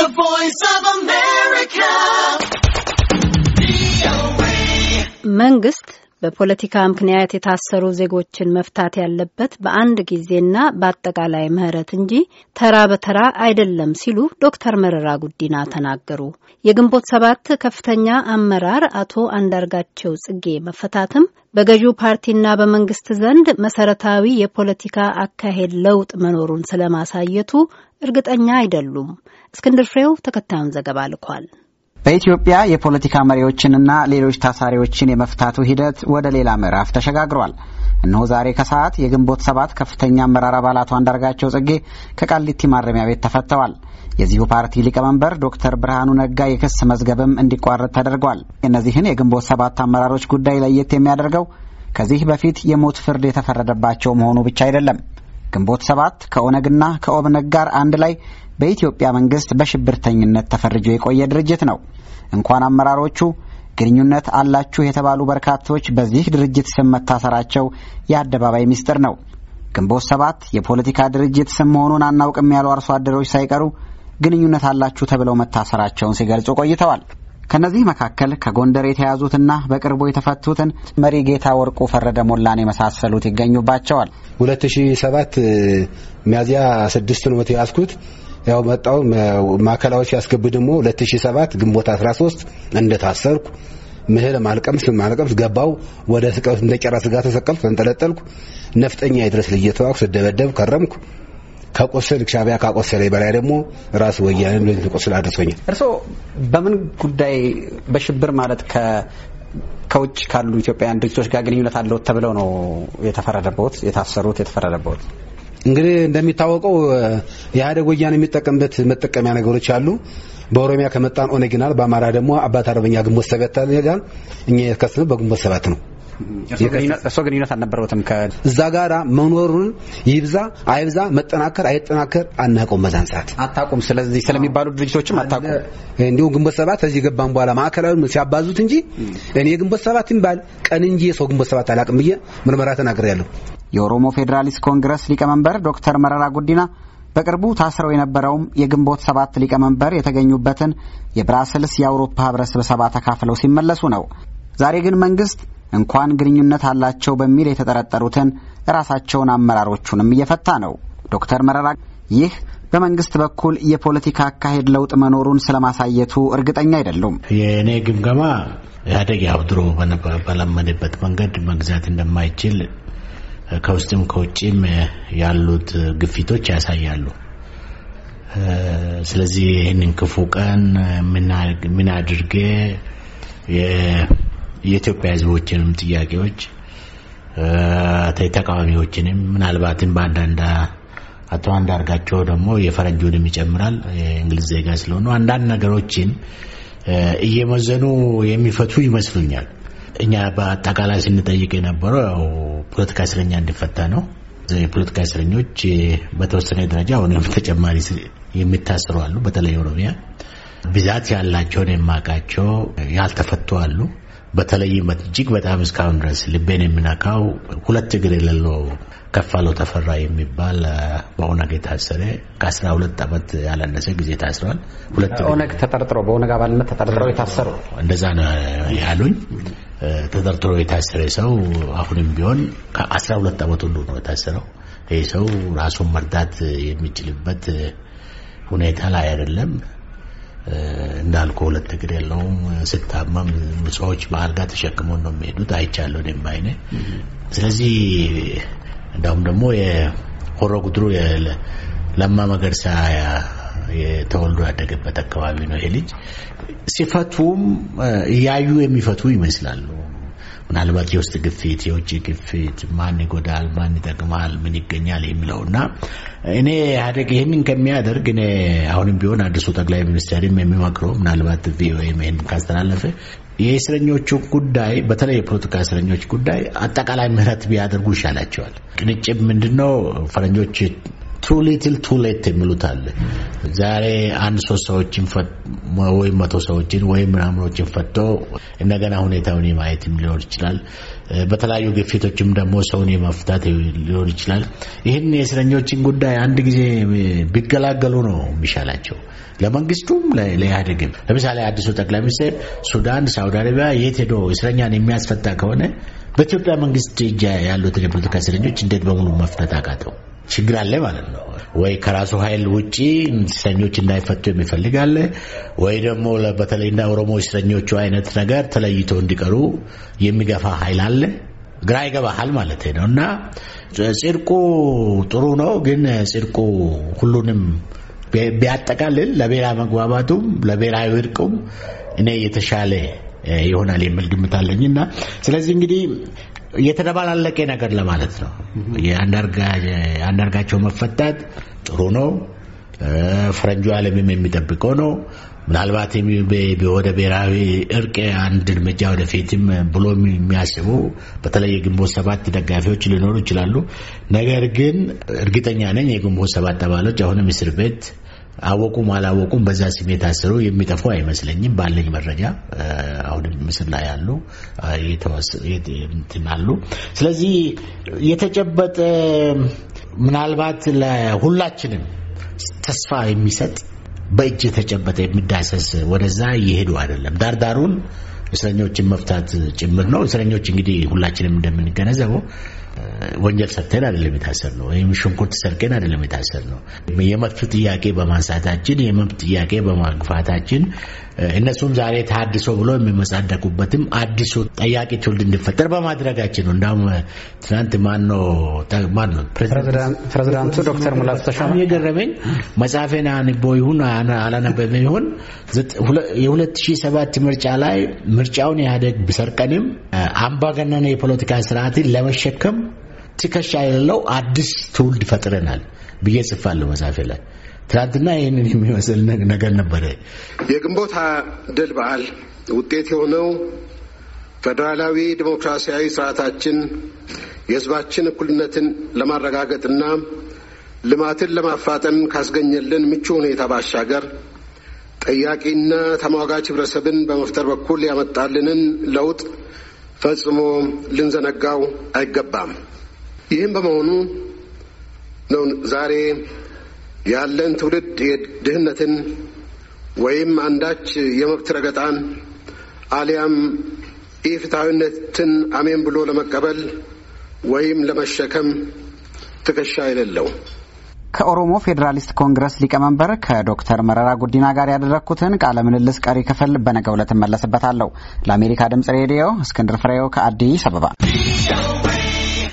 The Voice of America. መንግስት በፖለቲካ ምክንያት የታሰሩ ዜጎችን መፍታት ያለበት በአንድ ጊዜና በአጠቃላይ ምህረት እንጂ ተራ በተራ አይደለም ሲሉ ዶክተር መረራ ጉዲና ተናገሩ። የግንቦት ሰባት ከፍተኛ አመራር አቶ አንዳርጋቸው ጽጌ መፈታትም በገዢው ፓርቲና በመንግስት ዘንድ መሰረታዊ የፖለቲካ አካሄድ ለውጥ መኖሩን ስለማሳየቱ እርግጠኛ አይደሉም። እስክንድር ፍሬው ተከታዩን ዘገባ ልኳል። በኢትዮጵያ የፖለቲካ መሪዎችንና ሌሎች ታሳሪዎችን የመፍታቱ ሂደት ወደ ሌላ ምዕራፍ ተሸጋግሯል። እነሆ ዛሬ ከሰዓት የግንቦት ሰባት ከፍተኛ አመራር አባላቱ አንዳርጋቸው ጽጌ ከቃሊቲ ማረሚያ ቤት ተፈተዋል። የዚሁ ፓርቲ ሊቀመንበር ዶክተር ብርሃኑ ነጋ የክስ መዝገብም እንዲቋረጥ ተደርጓል። እነዚህን የግንቦት ሰባት አመራሮች ጉዳይ ለየት የሚያደርገው ከዚህ በፊት የሞት ፍርድ የተፈረደባቸው መሆኑ ብቻ አይደለም። ግንቦት ሰባት ከኦነግና ከኦብነግ ጋር አንድ ላይ በኢትዮጵያ መንግስት በሽብርተኝነት ተፈርጆ የቆየ ድርጅት ነው። እንኳን አመራሮቹ ግንኙነት አላችሁ የተባሉ በርካቶች በዚህ ድርጅት ስም መታሰራቸው የአደባባይ ሚስጥር ነው። ግንቦት ሰባት የፖለቲካ ድርጅት ስም መሆኑን አናውቅም ያሉ አርሶ አደሮች ሳይቀሩ ግንኙነት አላችሁ ተብለው መታሰራቸውን ሲገልጹ ቆይተዋል። ከእነዚህ መካከል ከጎንደር የተያዙትና በቅርቡ የተፈቱትን መሪ ጌታ ወርቁ ፈረደ ሞላን የመሳሰሉት ይገኙባቸዋል። ሁለት ሺ ሰባት ሚያዝያ ስድስት ነው የተያዝኩት። ያው መጣው ማዕከላዊ ሲያስገቡ ደግሞ ሁለት ሺ ሰባት ግንቦት አስራ ሶስት እንደታሰርኩ ምህል ማልቀምስ ማልቀምስ ገባው ወደ ስቀት እንደ ቄራ ስጋ ተሰቀልኩ፣ ተንጠለጠልኩ። ነፍጠኛ ይድረስ ልየተዋኩ ስደበደብ ከረምኩ። ከቆሰል ሻቢያ ካቆሰለ በላይ ደግሞ ራሱ ወያኔ እንደዚህ ቆስል አድርሶኛል። እርስዎ በምን ጉዳይ በሽብር ማለት ከውጭ ካሉ ኢትዮጵያውያን ድርጅቶች ጋር ግንኙነት አለው ተብለው ነው የተፈረደበት የታሰሩት የተፈረደበት? እንግዲህ እንደሚታወቀው የኢህአዴግ ወያኔ የሚጠቀምበት መጠቀሚያ ነገሮች አሉ። በኦሮሚያ ከመጣን ኦነግናል፣ በአማራ ደግሞ አባት አርበኛ ግንቦት ሰባት ይላል። እኛ የከሰስነው በግንቦት ሰባት ነው። የሰው ግንኙነት አልነበረውትም። ከእዛ ጋራ መኖሩን ይብዛ አይብዛ መጠናከር አይጠናከር አናውቀውም። በዛን ሰዓት አታውቁም። ስለዚህ ስለሚባሉ ድርጅቶችም አታውቁም። እንዲሁም ግንቦት ሰባት እዚህ ገባን በኋላ ማዕከላዊ ሲያባዙት እንጂ እኔ ግንቦት ሰባት ይባል ቀን እንጂ የሰው ግንቦት ሰባት አላውቅም ብዬ ምርመራ ተናግሬያለሁ። የኦሮሞ ፌዴራሊስት ኮንግረስ ሊቀመንበር ዶክተር መረራ ጉዲና በቅርቡ ታስረው የነበረውም የግንቦት ሰባት ሊቀመንበር የተገኙበትን የብራስልስ የአውሮፓ ህብረት ስብሰባ ተካፍለው ሲመለሱ ነው። ዛሬ ግን መንግስት እንኳን ግንኙነት አላቸው በሚል የተጠረጠሩትን ራሳቸውን አመራሮቹንም እየፈታ ነው። ዶክተር መረራ ይህ በመንግስት በኩል የፖለቲካ አካሄድ ለውጥ መኖሩን ስለማሳየቱ እርግጠኛ አይደሉም። የእኔ ግምገማ ኢህአዴግ ያው ድሮ በለመደበት መንገድ መግዛት እንደማይችል ከውስጥም ከውጭም ያሉት ግፊቶች ያሳያሉ። ስለዚህ ይህንን ክፉ ቀን ምን አድርጌ የኢትዮጵያ ህዝቦችንም ጥያቄዎች ተቃዋሚዎችንም ምናልባትም በአንዳንድ አቶ አንዳርጋቸው ደግሞ የፈረንጁንም ይጨምራል የእንግሊዝ ዜጋ ስለሆኑ አንዳንድ ነገሮችን እየመዘኑ የሚፈቱ ይመስሉኛል። እኛ በአጠቃላይ ስንጠይቅ የነበረው ያው ፖለቲካ እስረኛ እንዲፈታ ነው። የፖለቲካ እስረኞች በተወሰነ ደረጃ አሁንም ተጨማሪ የሚታስሩ አሉ። በተለይ ኦሮሚያ ብዛት ያላቸውን የማውቃቸው ያልተፈቱ አሉ። በተለይም እጅግ በጣም እስካሁን ድረስ ልቤን የሚነካው ሁለት እግር የሌለው ከፋለው ተፈራ የሚባል በኦነግ የታሰረ ከአስራ ሁለት ዓመት ያላነሰ ጊዜ ታስሯል። ኦነግ ተጠርጥሮ በኦነግ አባልነት ተጠርጥሮ የታሰሩ እንደዛ ነው ያሉኝ። ተጠርጥሮ የታሰረ ሰው አሁንም ቢሆን ከአስራ ሁለት ዓመት ሁሉ ነው የታሰረው። ይህ ሰው ራሱን መርዳት የሚችልበት ሁኔታ ላይ አይደለም። እንዳልኩ ሁለት እግር የለውም። ስታመም ሰዎች በአልጋ ተሸክሞ ነው የሚሄዱት። አይቻለሁ ደም አይኔ። ስለዚህ እንዳውም ደግሞ የሆሮ ጉድሩ ለማ መገርሳ ተወልዶ ያደገበት አካባቢ ነው ይሄ ልጅ። ሲፈቱም እያዩ የሚፈቱ ይመስላሉ። ምናልባት የውስጥ ግፊት፣ የውጭ ግፊት፣ ማን ይጎዳል፣ ማን ይጠቅማል፣ ምን ይገኛል የሚለውና እኔ ኢህአዴግ ይህንን ከሚያደርግ እኔ አሁንም ቢሆን አዲሱ ጠቅላይ ሚኒስትርም የሚመክረው ምናልባት ቪኦኤም ይህን ካስተላለፈ የእስረኞቹ ጉዳይ በተለይ የፖለቲካ እስረኞች ጉዳይ አጠቃላይ ምህረት ቢያደርጉ ይሻላቸዋል። ቅንጭብ ምንድነው ፈረንጆች ቱ ሊትል ቱ ሌት የሚሉት አለ። ዛሬ አንድ ሶስት ሰዎችን ወይም መቶ ሰዎችን ወይም ምናምኖችን ፈቶ እንደገና ሁኔታውን የማየትም ሊሆን ይችላል። በተለያዩ ግፊቶችም ደግሞ ሰውን የመፍታት ሊሆን ይችላል። ይህን የእስረኞችን ጉዳይ አንድ ጊዜ ቢገላገሉ ነው የሚሻላቸው ለመንግስቱም ለኢህአዴግም። ለምሳሌ አዲሱ ጠቅላይ ሚኒስትር ሱዳን፣ ሳውዲ አረቢያ የት ሄዶ እስረኛን የሚያስፈታ ከሆነ በኢትዮጵያ መንግስት እጅ ያሉትን የፖለቲካ እስረኞች እንዴት በሙሉ መፍታት አቃተው? ችግር አለ ማለት ነው። ወይ ከራሱ ኃይል ውጪ እስረኞች እንዳይፈቱ የሚፈልግ አለ፣ ወይ ደግሞ በተለይ እንደ ኦሮሞ እስረኞቹ አይነት ነገር ተለይቶ እንዲቀሩ የሚገፋ ኃይል አለ። ግራ ይገባሃል ማለት ነው። እና ጽድቁ ጥሩ ነው፣ ግን ጽድቁ ሁሉንም ቢያጠቃልል ለብሔራዊ መግባባቱም ለብሔራዊ እርቁም እኔ የተሻለ ይሆናል የሚል ግምት አለኝ እና ስለዚህ እንግዲህ የተደባላለቀ ነገር ለማለት ነው። የአንዳርጋቸው መፈታት ጥሩ ነው። ፈረንጁ ዓለምም የሚጠብቀው ነው። ምናልባት ወደ ብሔራዊ እርቅ አንድ እርምጃ ወደፊትም ብሎ የሚያስቡ በተለይ የግንቦት ሰባት ደጋፊዎች ሊኖሩ ይችላሉ። ነገር ግን እርግጠኛ ነኝ የግንቦት ሰባት አባሎች አሁንም እስር ቤት አወቁም አላወቁም በዛ ስሜት አስረው የሚጠፉ አይመስለኝም። ባለኝ መረጃ አሁንም ምስል ላይ ያሉ ትናሉ። ስለዚህ የተጨበጠ ምናልባት ለሁላችንም ተስፋ የሚሰጥ በእጅ የተጨበጠ የሚዳሰስ ወደዛ እየሄዱ አይደለም። ዳርዳሩን እስረኞችን መፍታት ጭምር ነው። እስረኞች እንግዲህ ሁላችንም እንደምንገነዘበው ወንጀል ሰርተን አይደለም የታሰር ነው ወይም ሽንኩርት ሰርቀን አይደለም የታሰር ነው። የመብት ጥያቄ በማንሳታችን የመብት ጥያቄ በማግፋታችን እነሱም ዛሬ ታድሶ ብሎ የሚመጻደቁበትም አዲሱ ጠያቂ ትውልድ እንዲፈጠር በማድረጋችን ነው። እንዳውም ትናንት ማነው ማነው ፕሬዚዳንቱ ዶክተር ሙላቱ ተሾመ የገረመኝ መጽሐፌን አንቦ ይሁን አላነበበ ይሁን የ2007 ምርጫ ላይ ምርጫውን ኢህአዴግ ቢሰርቀንም አምባገነን የፖለቲካ ስርዓትን ለመሸከም ትከሻ የሌለው አዲስ ትውልድ ፈጥረናል ብዬ ጽፋለሁ መጽሐፌ ላይ። ትናንትና ይህንን የሚመስል ነገር ነበረ። የግንቦት ሀያ ድል በዓል ውጤት የሆነው ፌዴራላዊ ዲሞክራሲያዊ ስርዓታችን የህዝባችን እኩልነትን ለማረጋገጥና ልማትን ለማፋጠን ካስገኘልን ምቹ ሁኔታ ባሻገር ጠያቂና ተሟጋች ህብረተሰብን በመፍጠር በኩል ያመጣልንን ለውጥ ፈጽሞ ልንዘነጋው አይገባም። ይህም በመሆኑ ነው ዛሬ ያለን ትውልድ ድህነትን ወይም አንዳች የመብት ረገጣን አሊያም ኢፍትሐዊነትን አሜን ብሎ ለመቀበል ወይም ለመሸከም ትከሻ የሌለው ከኦሮሞ ፌዴራሊስት ኮንግረስ ሊቀመንበር ከዶክተር መረራ ጉዲና ጋር ያደረግኩትን ቃለ ምልልስ ቀሪ ክፍል በነገው ዕለት እመለስበታለሁ። ለአሜሪካ ድምጽ ሬዲዮ እስክንድር ፍሬው ከአዲስ አበባ